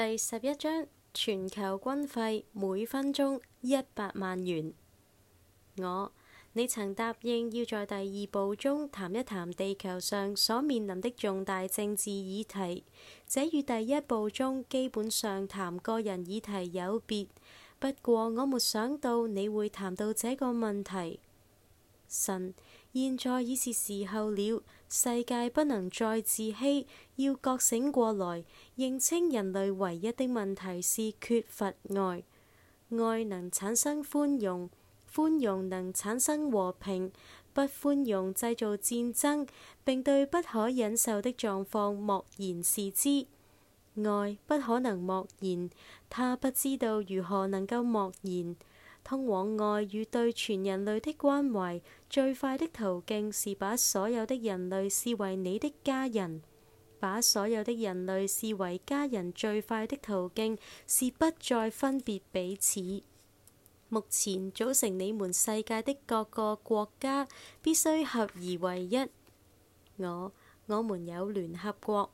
第十一章全球軍費每分鐘一百萬元。我，你曾答應要在第二部中談一談地球上所面臨的重大政治議題，這與第一部中基本上談個人議題有別。不過我沒想到你會談到這個問題。神，現在已是時候了。世界不能再自欺，要覺醒過來，認清人類唯一的問題是缺乏愛。愛能產生寬容，寬容能產生和平，不寬容製造戰爭，並對不可忍受的狀況漠然視之。愛不可能漠然，他不知道如何能夠漠然。通往愛與對全人類的關懷最快的途徑是把所有的人類視為你的家人，把所有的人類視為家人最快的途徑是不再分別彼此。目前組成你們世界的各個國家必須合而為一。我，我們有聯合國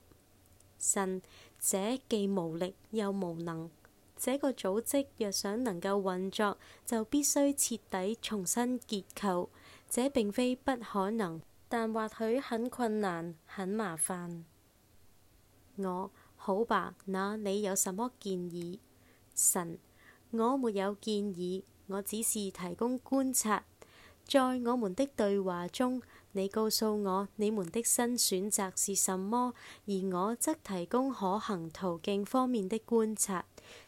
神，這既無力又無能。這個組織若想能夠運作，就必須徹底重新結構。這並非不可能，但或許很困難、很麻煩。我，好吧，那你有什麼建議？神，我沒有建議，我只是提供觀察。在我們的對話中。你告訴我，你們的新選擇是什麼，而我則提供可行途徑方面的觀察。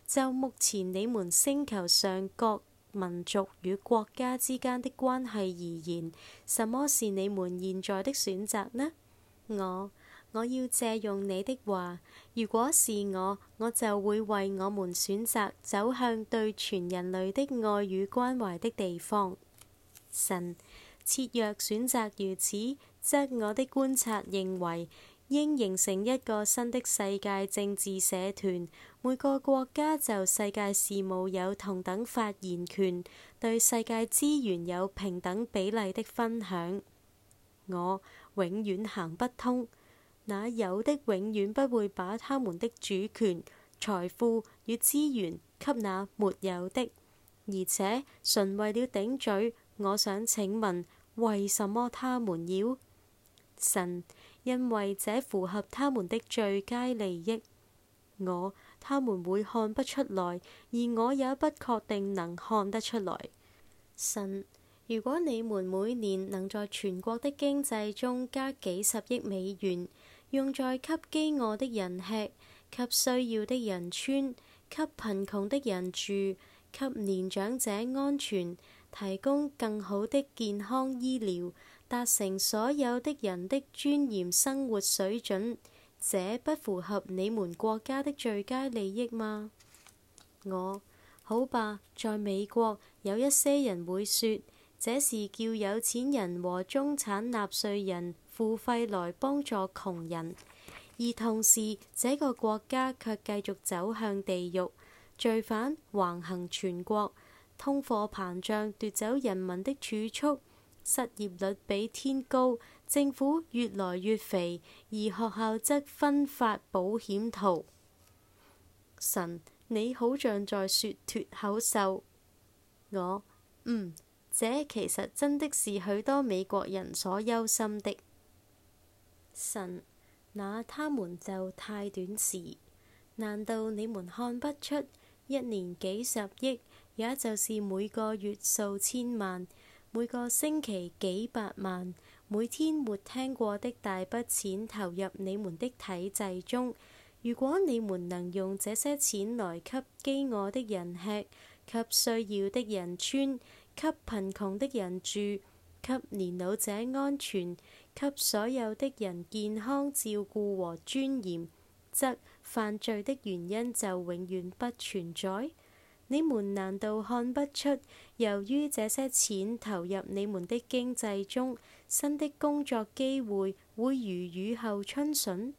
就目前你們星球上各民族與國家之間的關係而言，什麼是你們現在的選擇呢？我，我要借用你的話，如果是我，我就會為我們選擇走向對全人類的愛與關懷的地方。神。切若選擇如此，則我的觀察認為，應形成一個新的世界政治社團，每個國家就世界事務有同等發言權，對世界資源有平等比例的分享。我，永遠行不通。那有的永遠不會把他們的主權、財富與資源給那沒有的，而且純為了頂嘴，我想請問。為什麼他們要神？因為這符合他們的最佳利益。我他們會看不出來，而我也不確定能看得出來。神，如果你們每年能在全國的經濟中加幾十億美元，用在給飢餓的人吃，給需要的人穿，給貧窮的人住，給年長者安全，提供更好的健康醫療，達成所有的人的尊嚴生活水準，這不符合你們國家的最佳利益嗎？我，好吧，在美國有一些人會說，這是叫有錢人和中產納稅人付費來幫助窮人，而同時這個國家卻繼續走向地獄，罪犯橫行全國。通貨膨脹奪走人民的儲蓄，失業率比天高，政府越來越肥，而學校則分發保險圖。神，你好像在説脱口秀。我，嗯，這其實真的是許多美國人所憂心的。神，那他們就太短視。難道你們看不出一年幾十億？也就是每個月數千萬，每個星期幾百萬，每天沒聽過的大筆錢投入你們的體制中。如果你們能用這些錢來給飢餓的人吃，給需要的人穿，給貧窮的人住，給年老者安全，給所有的人健康照顧和尊嚴，則犯罪的原因就永遠不存在。你們難道看不出，由於這些錢投入你們的經濟中，新的工作機會會如雨後春筍，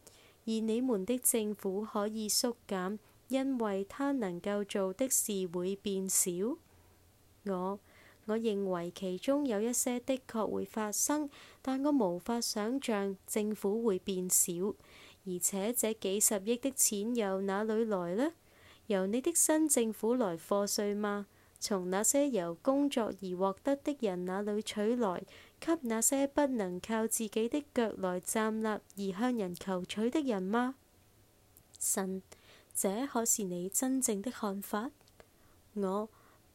而你們的政府可以縮減，因為它能夠做的事會變少。我，我認為其中有一些的確會發生，但我無法想像政府會變少，而且這幾十億的錢又哪裏來呢？由你的新政府來課稅嗎？從那些由工作而獲得的人那裏取來，給那些不能靠自己的腳來站立而向人求取的人嗎？神，這可是你真正的看法？我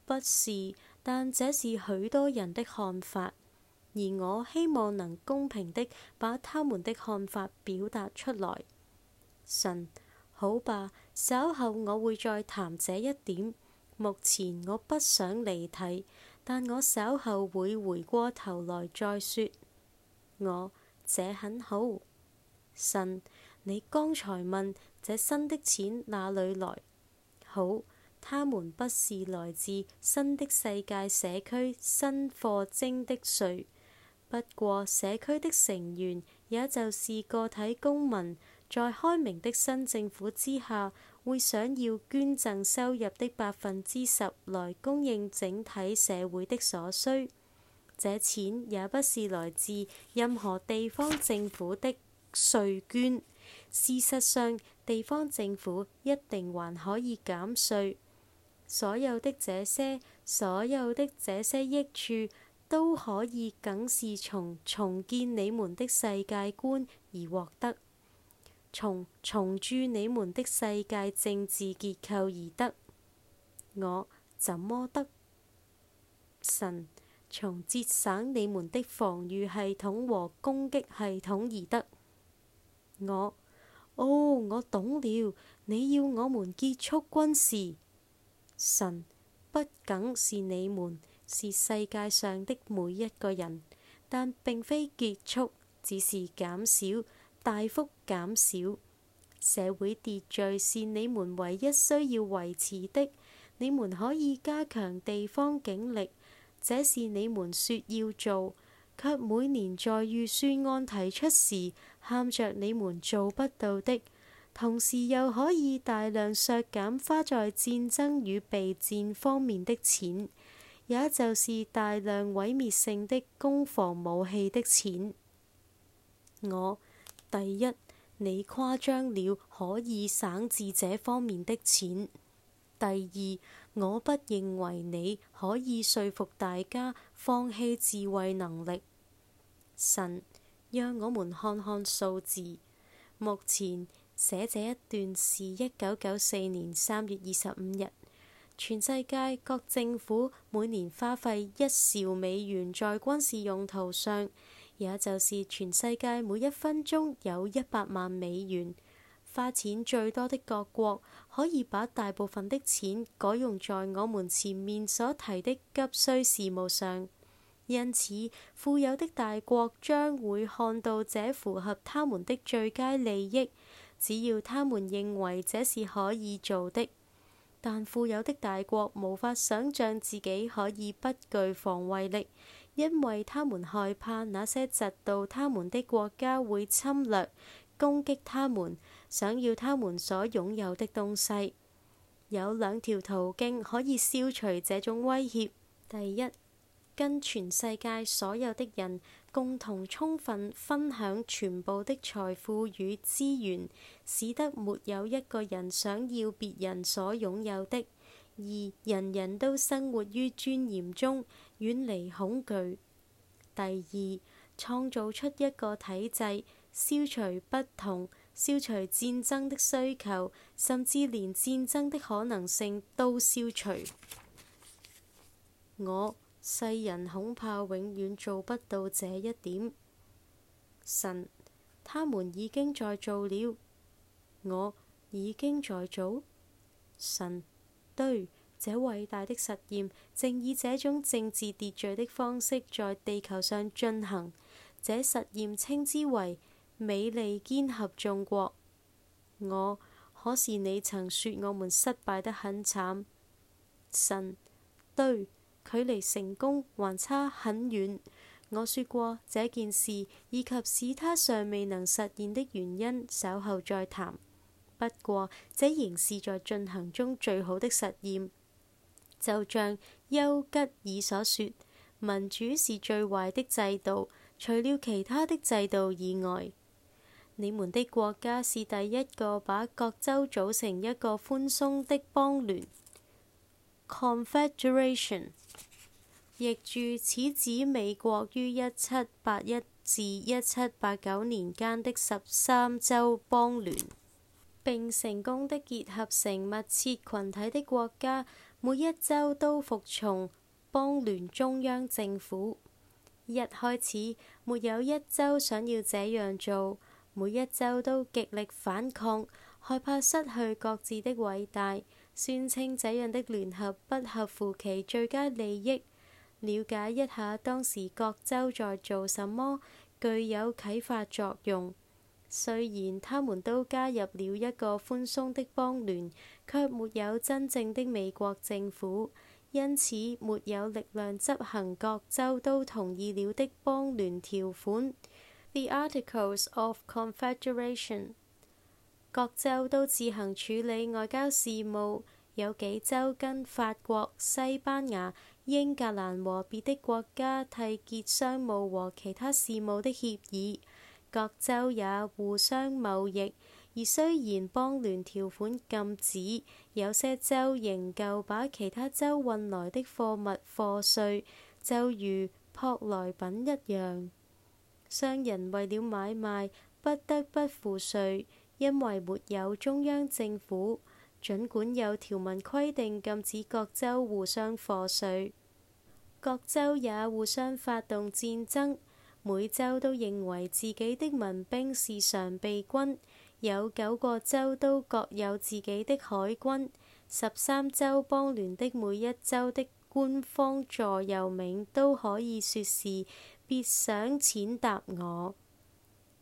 不是，但這是許多人的看法，而我希望能公平的把他們的看法表達出來。神。好吧，稍後我會再談這一點。目前我不想離題，但我稍後會回過頭來再說。我這很好。神，你剛才問這新的錢哪裏來？好，他們不是來自新的世界社區新課徵的稅，不過社區的成員也就是個體公民。在開明的新政府之下，會想要捐贈收入的百分之十來供應整體社會的所需。這錢也不是來自任何地方政府的稅捐。事實上，地方政府一定還可以減稅。所有的這些，所有的這些益處，都可以僅是從重建你們的世界觀而獲得。從重鑄你們的世界政治結構而得，我怎麼得？神從節省你們的防禦系統和攻擊系統而得，我。哦，我懂了，你要我們結束軍事。神不僅是你們，是世界上的每一個人，但並非結束，只是減少。大幅減少。社會秩序是你們唯一需要維持的。你們可以加強地方警力，這是你們說要做，卻每年在預算案提出時喊著你們做不到的。同時又可以大量削減花在戰爭與備戰方面的錢，也就是大量毀滅性的攻防武器的錢。我。第一，你誇張了，可以省至這方面的錢。第二，我不認為你可以説服大家放棄智慧能力。神，讓我們看看數字。目前寫這一段是一九九四年三月二十五日，全世界各政府每年花費一兆美元在軍事用途上。也就是全世界每一分鐘有一百萬美元，花錢最多的各國可以把大部分的錢改用在我們前面所提的急需事務上。因此，富有的大國將會看到這符合他們的最佳利益，只要他們認為這是可以做的。但富有的大國無法想象自己可以不具防衛力。因為他們害怕那些嫉妒他們的國家會侵略、攻擊他們，想要他們所擁有的東西。有兩條途徑可以消除這種威脅，第一，跟全世界所有的人共同充分分享全部的財富與資源，使得沒有一個人想要別人所擁有的。二，人人都生活於尊嚴中，遠離恐懼。第二，創造出一個體制，消除不同，消除戰爭的需求，甚至連戰爭的可能性都消除。我世人恐怕永遠做不到這一點。神，他們已經在做了。我已經在做。神。對，這偉大的實驗正以這種政治秩序的方式在地球上進行。這實驗稱之為美利堅合眾國。我，可是你曾說我們失敗得很慘。神，對，距離成功還差很遠。我說過這件事，以及使他尚未能實現的原因，稍後再談。不過，這仍是在進行中最好的實驗。就像丘吉爾所說，民主是最壞的制度，除了其他的制度以外。你們的國家是第一個把各州組成一個寬鬆的邦聯 （Confederation）。譯注：此指美國於一七八一至一七八九年間的十三州邦聯。並成功的結合成密切群體的國家，每一州都服從邦聯中央政府。一開始，沒有一州想要這樣做，每一州都極力反抗，害怕失去各自的偉大，宣稱這樣的聯合不合乎其最佳利益。了解一下當時各州在做什麼，具有啟發作用。雖然他們都加入了一個寬鬆的邦聯，卻沒有真正的美國政府，因此沒有力量執行各州都同意了的邦聯條款。The Articles of Confederation，各州都自行處理外交事務，有幾州跟法國、西班牙、英格蘭和別的國家締結商務和其他事務的協議。各州也互相貿易，而雖然邦聯條款禁止，有些州仍舊把其他州運來的貨物課稅，就如舶來品一樣。商人為了買賣，不得不付稅，因為沒有中央政府，儘管有條文規定禁止各州互相課稅。各州也互相發動戰爭。每州都認為自己的民兵是常備軍，有九個州都各有自己的海軍。十三州邦聯的每一州的官方座右銘都可以說是別想踐踏我。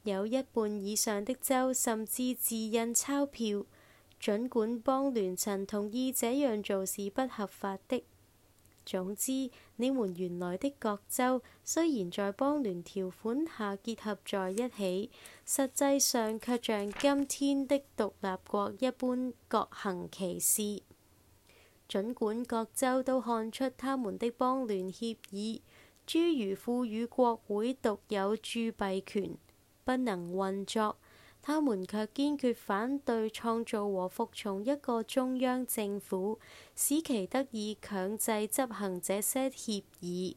有一半以上的州甚至自印鈔票，儘管邦聯曾同意這樣做是不合法的。總之。你們原來的各州雖然在邦聯條款下結合在一起，實際上卻像今天的獨立國一般各行其事。儘管各州都看出他們的邦聯協議，諸如賦予國會獨有鑄幣權，不能運作。他們卻堅決反對創造和服從一個中央政府，使其得以強制執行這些協議。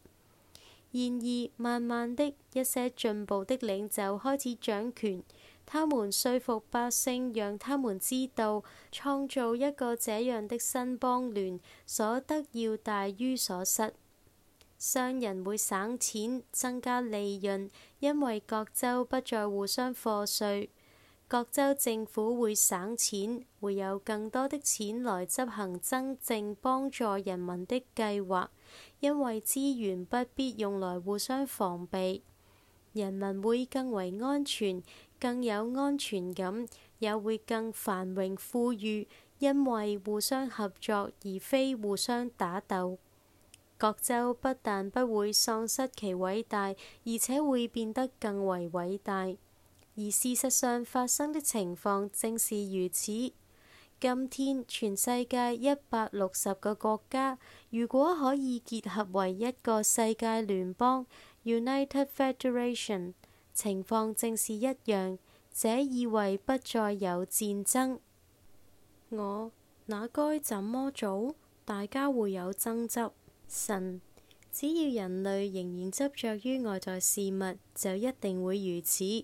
然而，慢慢的，一些進步的領袖開始掌權。他們說服百姓，讓他們知道創造一個這樣的新邦聯所得要大於所失。商人會省錢，增加利潤，因為各州不再互相課稅。各州政府會省錢，會有更多的錢來執行真正幫助人民的計劃，因為資源不必用來互相防備，人民會更為安全，更有安全感，也會更繁榮富裕，因為互相合作而非互相打鬥，各州不但不會喪失其偉大，而且會變得更為偉大。而事實上發生的情況正是如此。今天全世界一百六十個國家，如果可以結合為一個世界聯邦 （United Federation），情況正是一樣。這意味着不再有戰爭。我，那該怎麼做？大家會有爭執。神，只要人類仍然執着於外在事物，就一定會如此。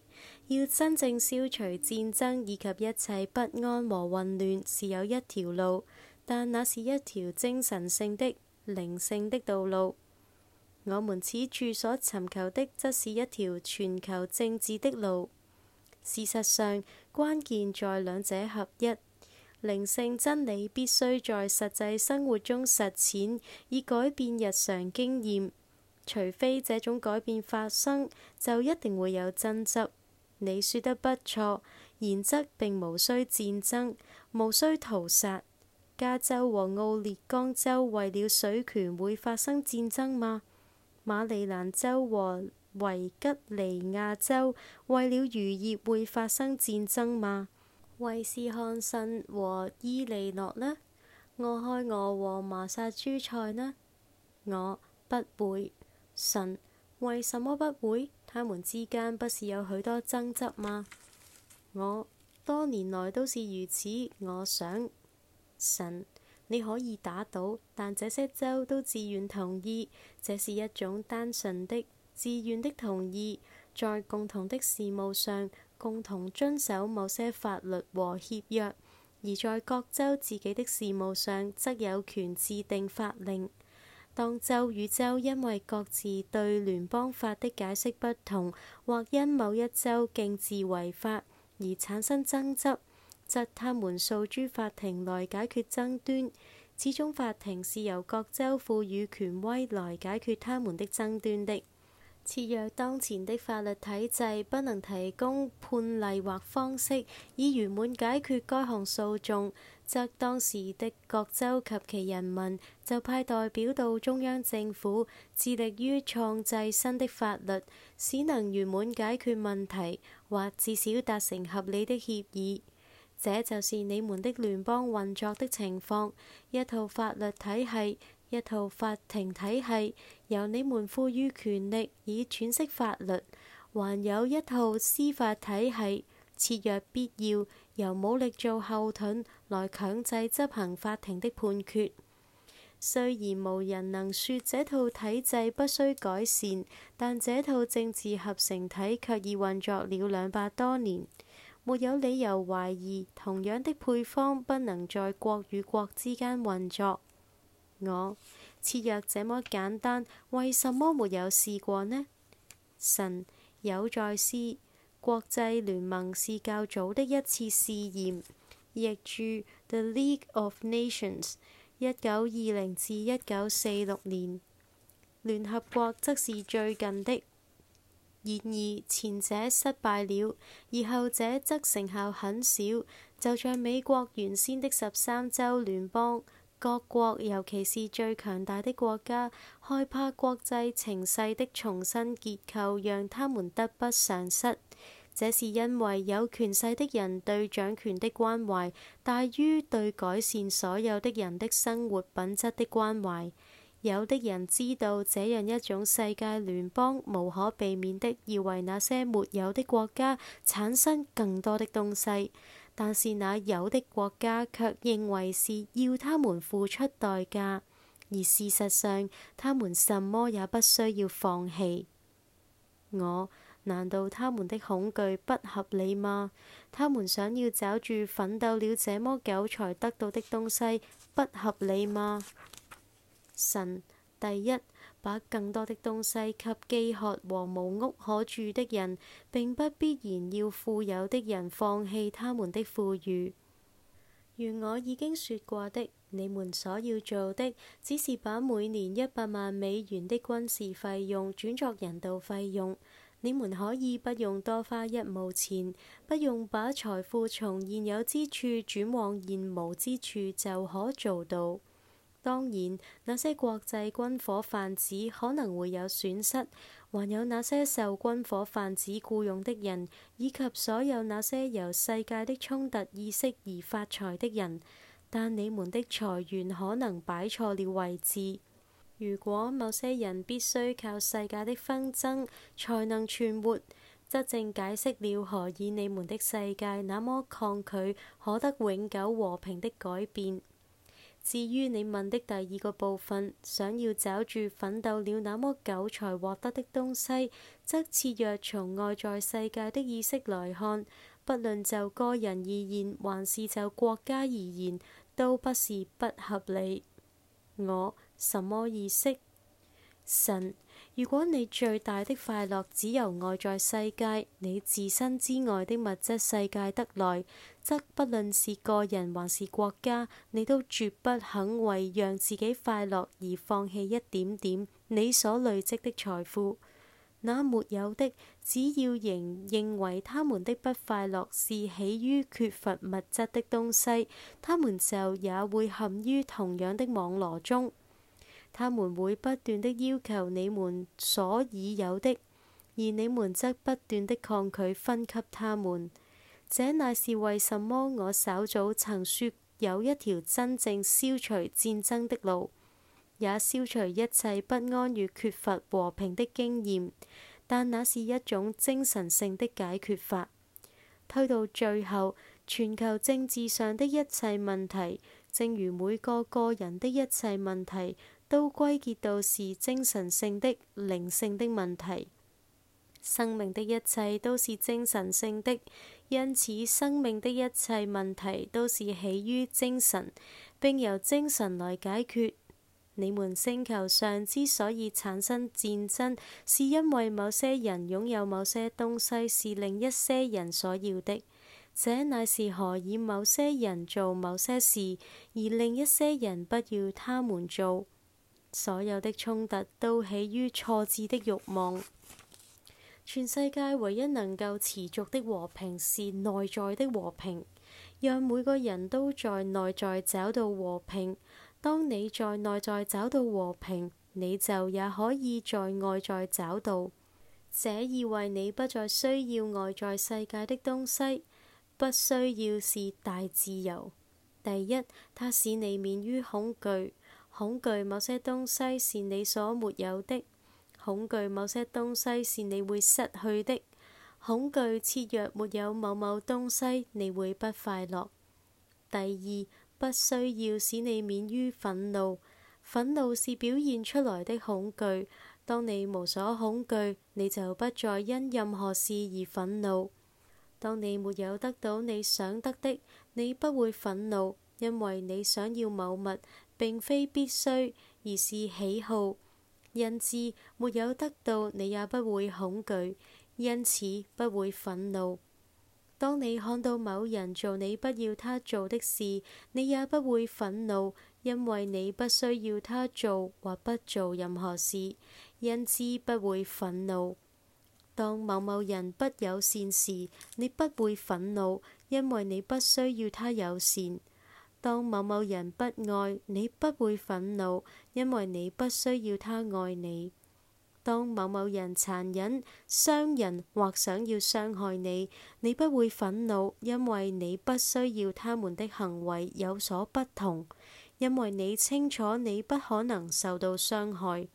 要真正消除戰爭以及一切不安和混亂，是有一條路，但那是一條精神性的、靈性的道路。我們此處所尋求的則是一條全球政治的路。事實上，關鍵在兩者合一。靈性真理必須在實際生活中實踐，以改變日常經驗，除非這種改變發生，就一定會有爭執。你說得不錯，然則並無需戰爭，無需屠殺。加州和奧列岡州為了水權會發生戰爭嗎？馬里蘭州和維吉尼亞州為了漁業會發生戰爭嗎？維斯康辛和伊利諾呢？俄亥俄和麻薩諸塞呢？我不會信。為什麼不會？他們之間不是有許多爭執嗎？我多年來都是如此。我想，神你可以打倒，但這些州都自願同意，這是一種單純的、自願的同意，在共同的事務上共同遵守某些法律和協約，而在各州自己的事務上則有權制定法令。當州與州因為各自對聯邦法的解釋不同，或因某一州徑自違法而產生爭執，則他們訴諸法庭來解決爭端。始終法庭是由各州賦予權威來解決他們的爭端的。設若當前的法律體制不能提供判例或方式以圓滿解決該項訴訟，則當時的各州及其人民就派代表到中央政府，致力於創制新的法律，使能圓滿解決問題，或至少達成合理的協議。這就是你們的聯邦運作的情況：一套法律體系，一套法庭體系，由你們賦予權力以轉釋法律，還有一套司法體系。切若必要，由武力做後盾，來強制執行法庭的判決。雖然無人能說這套體制不需改善，但這套政治合成體却已運作了兩百多年，沒有理由懷疑同樣的配方不能在國與國之間運作。我切若這麼簡單，為什麼沒有試過呢？神有在試。國際聯盟是較早的一次試驗，譯註《The League of Nations》，一九二零至一九四六年。聯合國則是最近的，然而前者失敗了，而後者則成效很少。就像美國原先的十三州聯邦，各國尤其是最強大的國家，害怕國際情勢的重新結構，讓他們得不償失。這是因為有權勢的人對掌權的關懷大於對改善所有的人的生活品質的關懷。有的人知道這樣一種世界聯邦無可避免的要為那些沒有的國家產生更多的東西，但是那有的國家卻認為是要他們付出代價，而事實上他們什麼也不需要放棄。我。難道他們的恐懼不合理嗎？他們想要抓住奮鬥了這麼久才得到的東西，不合理嗎？神第一把更多的東西給饑渴和無屋可住的人，並不必然要富有的人放棄他們的富裕。如我已經說過的，你們所要做的只是把每年一百萬美元的軍事費用轉作人道費用。你們可以不用多花一毛錢，不用把財富從現有之處轉往現無之處就可做到。當然，那些國際軍火販子可能會有損失，還有那些受軍火販子雇傭的人，以及所有那些由世界的衝突意識而發財的人，但你們的財源可能擺錯了位置。如果某些人必須靠世界的紛爭才能存活，則正解釋了何以你們的世界那麼抗拒可得永久和平的改變。至於你問的第二個部分，想要抓住奮鬥了那麼久才獲得的東西，則切若從外在世界的意識來看，不論就個人而言，還是就國家而言，都不是不合理。我。什麼意思？神，如果你最大的快樂只由外在世界、你自身之外的物質世界得來，則不論是個人還是國家，你都絕不肯為讓自己快樂而放棄一點點你所累積的財富。那沒有的，只要仍認為他們的不快樂是起於缺乏物質的東西，他們就也會陷於同樣的網絡中。他們會不斷的要求你們所已有的，而你們則不斷的抗拒分給他們。這乃是為什麼我稍早曾說有一條真正消除戰爭的路，也消除一切不安與缺乏和平的經驗。但那是一種精神性的解決法。推到最後，全球政治上的一切問題，正如每個個人的一切問題。都歸結到是精神性的、靈性的問題。生命的一切都是精神性的，因此生命的一切問題都是起於精神，並由精神來解決。你們星球上之所以產生戰爭，是因為某些人擁有某些東西，是另一些人所要的。這乃是何以某些人做某些事，而另一些人不要他們做。所有的衝突都起於挫折的慾望。全世界唯一能夠持續的和平是內在的和平，讓每個人都在內在找到和平。當你在內在找到和平，你就也可以在外在找到。這意味你不再需要外在世界的東西，不需要是大自由。第一，它使你免於恐懼。恐懼某些東西是你所沒有的，恐懼某些東西是你會失去的，恐懼切若沒有某某東西，你會不快樂。第二，不需要使你免於憤怒，憤怒是表現出來的恐懼。當你無所恐懼，你就不再因任何事而憤怒。當你沒有得到你想得的，你不會憤怒，因為你想要某物。並非必須，而是喜好。因之，沒有得到你也不會恐懼，因此不會憤怒。當你看到某人做你不要他做的事，你也不會憤怒，因為你不需要他做或不做任何事，因之不會憤怒。當某某人不友善時，你不會憤怒，因為你不需要他友善。當某某人不愛你，不會憤怒，因為你不需要他愛你。當某某人殘忍、傷人或想要傷害你，你不會憤怒，因為你不需要他們的行為有所不同，因為你清楚你不可能受到傷害。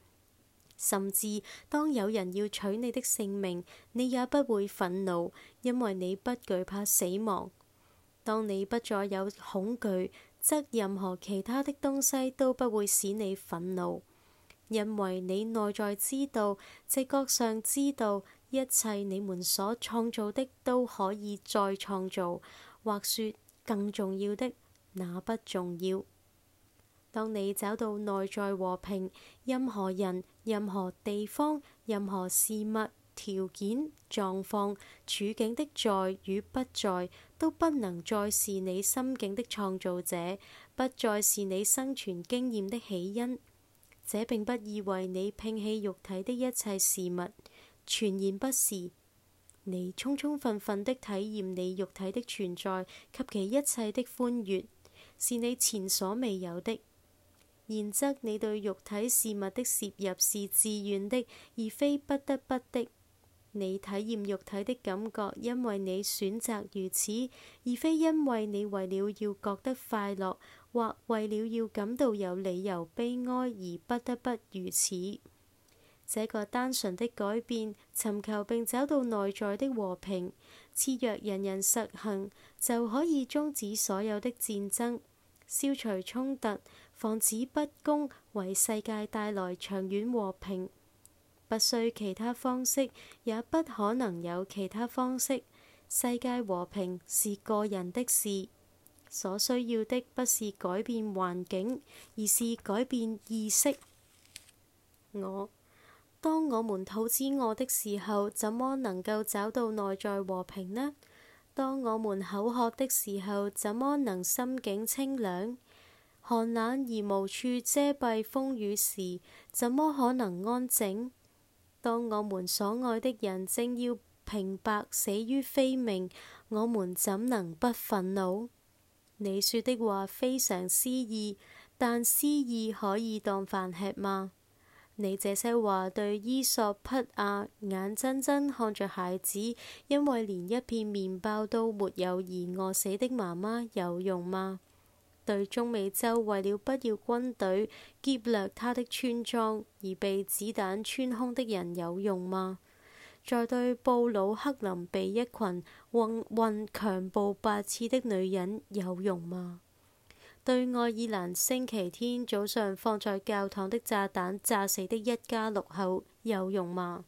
甚至當有人要取你的性命，你也不會憤怒，因為你不懼怕死亡。當你不再有恐懼，則任何其他的東西都不會使你憤怒，因為你內在知道、直覺上知道，一切你們所創造的都可以再創造。或說更重要的，那不重要。當你找到內在和平，任何人、任何地方、任何事物、條件、狀況處境的在與不在，都不能再是你心境的創造者，不再是你生存經驗的起因。這並不意味你摒棄肉體的一切事物，全然不是。你充充分分的體驗你肉體的存在及其一切的歡悅，是你前所未有的。然則你對肉體事物的涉入是自願的，而非不得不的。你體驗肉體的感覺，因為你選擇如此，而非因為你為了要覺得快樂，或為了要感到有理由悲哀而不得不如此。這個單純的改變，尋求並找到內在的和平，次若人人實行，就可以終止所有的戰爭，消除衝突，防止不公，為世界帶來長遠和平。不需其他方式，也不可能有其他方式。世界和平是個人的事，所需要的不是改變環境，而是改變意識。我當我們肚子餓的時候，怎麼能夠找到內在和平呢？當我們口渴的時候，怎麼能心境清涼？寒冷而無處遮蔽風雨時，怎麼可能安靜？當我們所愛的人正要平白死於非命，我們怎能不憤怒？你說的話非常詩意，但詩意可以當飯吃嗎？你這些話對伊索匹亞眼睜睜看着孩子因為連一片麵包都沒有而餓死的媽媽有用嗎？對中美洲為了不要軍隊劫掠他的村莊而被子彈穿空的人有用嗎？再對布魯克林被一群混混強暴八次的女人有用嗎？對愛爾蘭星期天早上放在教堂的炸彈炸死的一家六口有用嗎？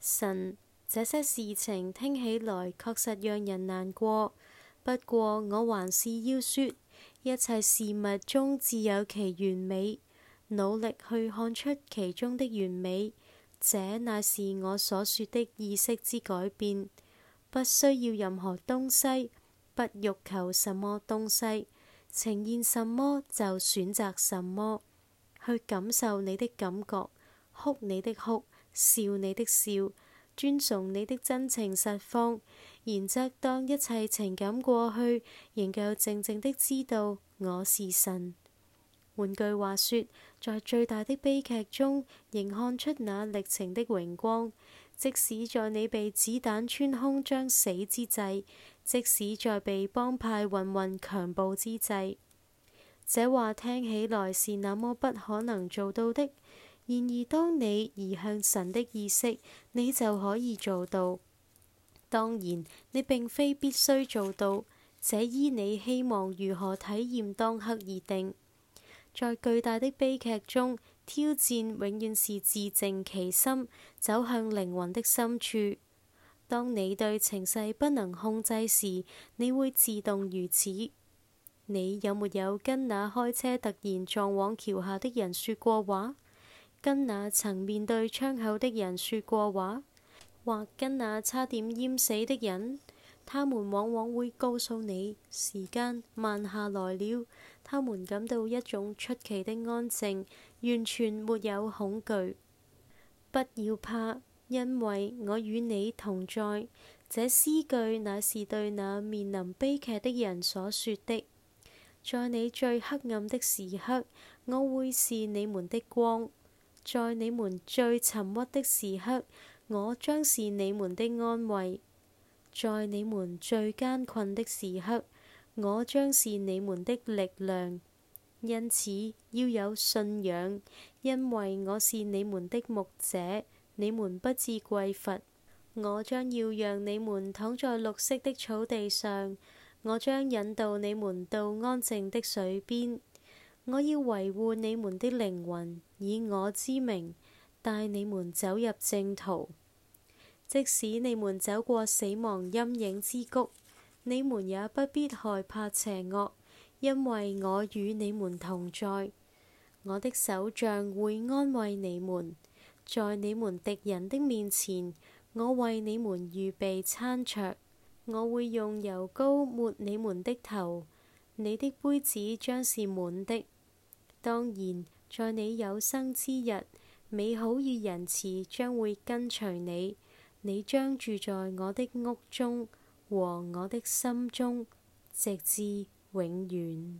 神，這些事情聽起來確實讓人難過。不過我還是要說。一切事物中自有其完美，努力去看出其中的完美，這乃是我所說的意識之改變。不需要任何東西，不欲求什麼東西，呈現什麼就選擇什麼，去感受你的感覺，哭你的哭，笑你的笑，尊重你的真情實況。然則，當一切情感過去，仍舊靜靜的知道我是神。換句話說，在最大的悲劇中，仍看出那歷程的榮光。即使在你被子彈穿胸將死之際，即使在被幫派混混強暴之際，這話聽起來是那麼不可能做到的。然而，當你移向神的意識，你就可以做到。當然，你並非必須做到，這依你希望如何體驗當刻而定。在巨大的悲劇中，挑戰永遠是自靜其心，走向靈魂的深處。當你對情勢不能控制時，你會自動如此。你有沒有跟那開車突然撞往橋下的人說過話？跟那曾面對窗口的人說過話？或跟那差點淹死的人，他們往往會告訴你：時間慢下來了。他們感到一種出奇的安靜，完全沒有恐懼。不要怕，因為我與你同在。這詩句乃是對那面臨悲劇的人所說的：在你最黑暗的時刻，我會是你們的光；在你們最沉鬱的時刻。我將是你們的安慰，在你們最艱困的時刻，我將是你們的力量。因此要有信仰，因為我是你們的牧者，你們不至匱乏。我將要讓你們躺在綠色的草地上，我將引導你們到安靜的水邊。我要維護你們的靈魂，以我之名帶你們走入正途。即使你們走過死亡陰影之谷，你們也不必害怕邪惡，因爲我與你們同在。我的手杖會安慰你們，在你們敵人的面前，我爲你們預備餐桌。我會用油膏抹你們的頭，你的杯子將是滿的。當然，在你有生之日，美好與仁慈將會跟隨你。你將住在我的屋中和我的心中，直至永遠。